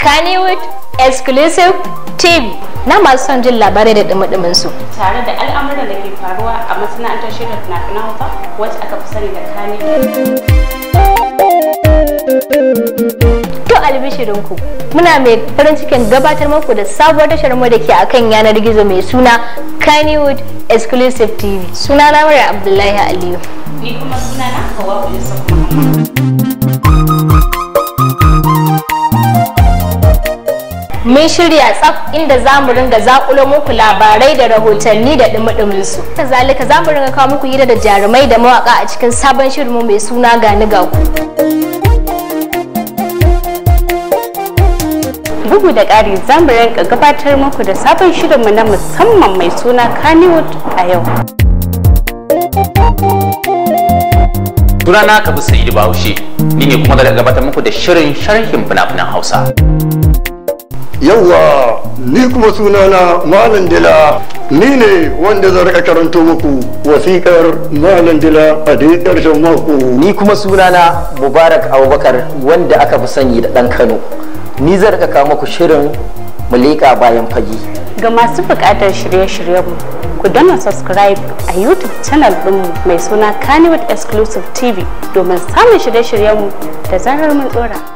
Kannywood Exclusive TV na masu son jin labarai da dumudumin su. Tare da al'amuran da ke faruwa a masana'antar shirin fina-finan wacce aka fi sani da Kannywood. To albishirinku muna mai farin cikin gabatar muku da sabuwar tashar mu da ke akan yanar gizo mai suna Kannywood Exclusive TV. Sunana Mara Abdullahi Aliyu. Ni kuma sunana Hawa Yusuf. Mun shirya tsaf inda za mu ringa zakulo muku labarai da rahotanni da dumi su. Kazalika za mu ringa kawo muku hira da jarumai da mawaƙa a cikin sabon shirinmu mai suna gani ga ku. Bugu da ƙari za mu ringa gabatar muku da sabon shirinmu na musamman mai suna Kannywood a yau. Sunana Kabi Sa'id Bahaushe, ni ne kuma da gabatar muku da shirin sharhin fina-finan Hausa. Yawwa, ni kuma sunana Malam Dila, ni ne wanda zan rika karanto muku wasikar Malam Dila a dai ƙarshen mako. Ni kuma sunana Mubarak Abubakar wanda aka fi sanyi da ɗan Kano. Ni zan rika kawo muku shirin Mulika bayan fage. Ga masu buƙatar shirye mu ku dana subscribe a YouTube channel ɗinmu mai suna Kannywood Exclusive TV domin samun shirye shiryen mu da zarar mun ɗora.